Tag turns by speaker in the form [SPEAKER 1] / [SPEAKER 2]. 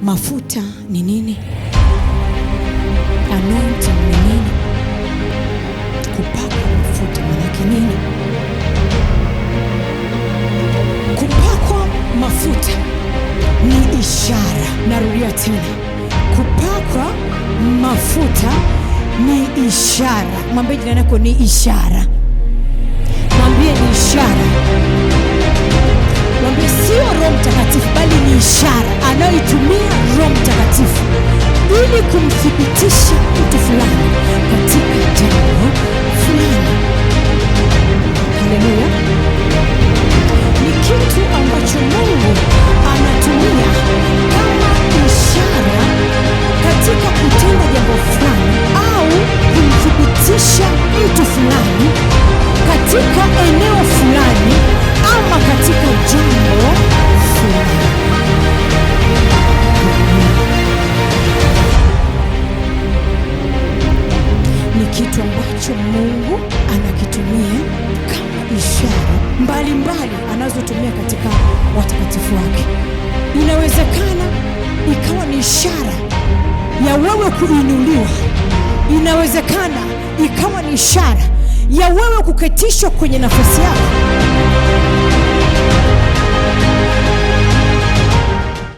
[SPEAKER 1] Mafuta ni nini? Anointing ni nini? Kupakwa mafuta manake nini? Kupakwa mafuta ni ishara. Narudia tena, kupakwa mafuta ni ishara. Mwambie jirani yako ni ishara, mwambie ni ishara, mwambie sio Roho Mtakatifu bali ni ishara anayoitumia Roho Mtakatifu ili kumthibitisha kitu ambacho Mungu anakitumia kama ishara mbalimbali anazotumia katika watakatifu wake. Inawezekana ikawa ni ishara ya wewe kuinuliwa, inawezekana ikawa ni ishara ya wewe kuketishwa kwenye nafasi yako.